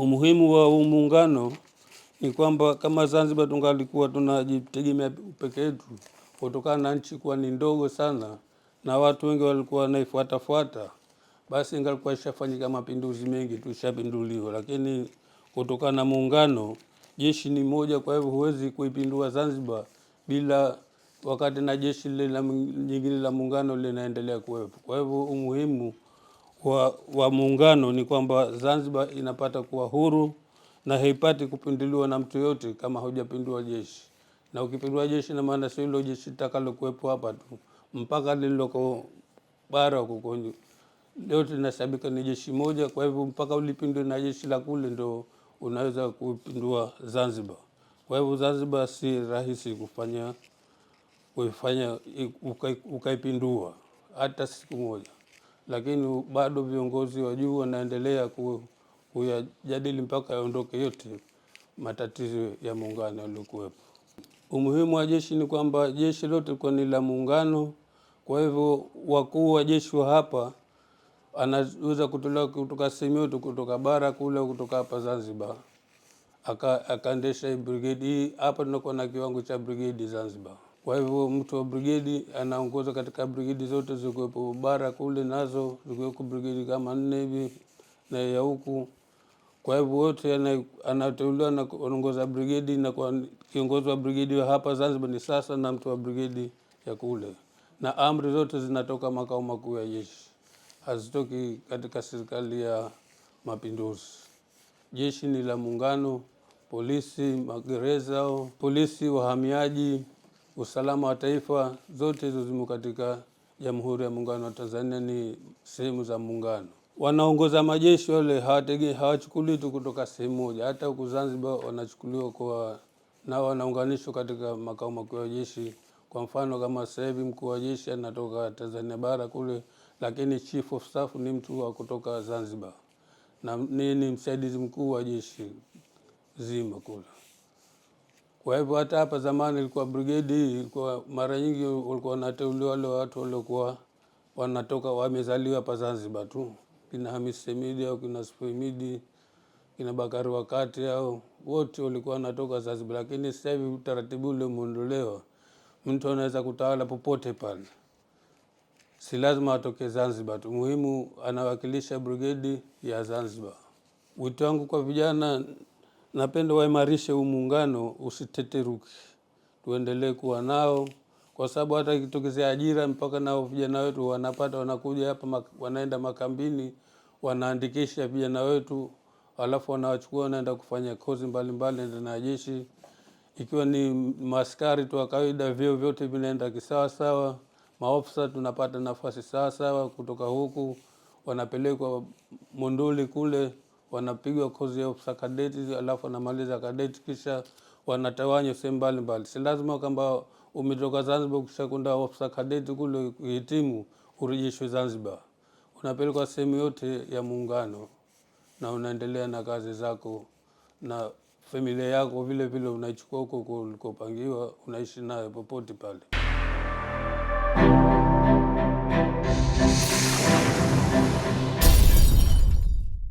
Umuhimu wa muungano ni kwamba kama Zanzibar tungalikuwa tunajitegemea peke yetu kutokana na nchi kuwa ni ndogo sana na watu wengi walikuwa wanaifuatafuata, basi ingalikuwa ishafanyika mapinduzi mengi, tushapinduliwa. Lakini kutokana na muungano, jeshi ni moja, kwa hivyo huwezi kuipindua Zanzibar bila wakati na jeshi lile nyingine la muungano linaendelea kuwepo. Kwa hivyo umuhimu wa, wa muungano ni kwamba Zanzibar inapata kuwa huru na haipati kupinduliwa na mtu yote, kama haujapindua jeshi. Na ukipindua jeshi, na maana sio hilo jeshi takalo kuwepo hapa tu, mpaka lililoko bara huko lote linasabika ni jeshi moja. Kwa hivyo mpaka ulipindwe na jeshi la kule ndo unaweza kupindua Zanzibar. Kwa hivyo Zanzibar si rahisi kufanya kuifanya ukaipindua uka hata siku moja lakini bado viongozi wa juu wanaendelea kuyajadili mpaka yaondoke yote matatizo ya muungano yaliokuwepo. Umuhimu wa jeshi ni kwamba jeshi lote kwa ni la muungano. Kwa hivyo wakuu wa jeshi wa hapa anaweza kutolewa kutoka yote, kutoka bara kule, kutoka hapa Zanzibar akaendesha brigedi hii hapa. Tunakuwa na kiwango cha brigedi Zanzibar. Kwa hivyo mtu wa brigedi anaongoza katika brigedi zote zikiwepo bara kule nazo zikiwepo brigedi kama nne hivi na ya huku. Kwa hivyo wote anateuliwa na kuongoza brigedi, na kwa kiongozi wa brigedi wa hapa Zanzibar ni sasa na mtu wa brigedi ya kule, na amri zote zinatoka makao makuu ya jeshi, hazitoki katika serikali ya Mapinduzi. Jeshi ni la Muungano, polisi, magereza, polisi, wahamiaji usalama wa taifa, zote hizo zimo katika Jamhuri ya Muungano wa Tanzania, ni sehemu za muungano. Wanaongoza majeshi wale hawategi, hawachukuli tu kutoka sehemu moja, hata huku Zanzibar wanachukuliwa kwa na wanaunganishwa katika makao makuu ya jeshi. Kwa mfano kama sasa hivi mkuu wa jeshi anatoka Tanzania bara kule, lakini chief of staff ni mtu wa kutoka Zanzibar na ni msaidizi mkuu wa jeshi zima kule. Kwa hivyo hata hapa zamani ilikuwa brigedi ilikuwa mara nyingi walikuwa wanateuliwa wale watu waliokuwa wanatoka wamezaliwa hapa Zanzibar tu, kina Hamis Semidi au kina Sufemidi kina Bakari Wakati au wote walikuwa wanatoka Zanzibar, lakini sasa hivi utaratibu ule umeondolewa. Mtu anaweza kutawala popote pale, si lazima atoke Zanzibar tu, muhimu anawakilisha brigedi ya Zanzibar. Wito wangu kwa vijana napenda waimarishe huu muungano usiteteruke, tuendelee kuwa nao kwa sababu hata ikitokezea ajira mpaka nao vijana wetu wanapata, wanakuja hapa wanaenda makambini wanaandikisha vijana wetu, alafu wanawachukua wanaenda kufanya kozi mbalimbali ndani ya jeshi, ikiwa ni maskari tu wa kawaida, vyeo vyote vinaenda kisawasawa. Maofisa tunapata nafasi sawasawa, kutoka huku wanapelekwa Monduli kule wanapigwa kozi ya kadeti, alafu wanamaliza kadeti, kisha wanatawanywa sehemu mbalimbali. Si lazima kwamba umetoka Zanzibar kisha kwenda ofisa kadeti kule kuhitimu urejeshwe Zanzibar, unapelekwa sehemu yote ya Muungano na unaendelea na kazi zako na familia yako vile vile unaichukua huko ulikopangiwa, unaishi nayo popote pale.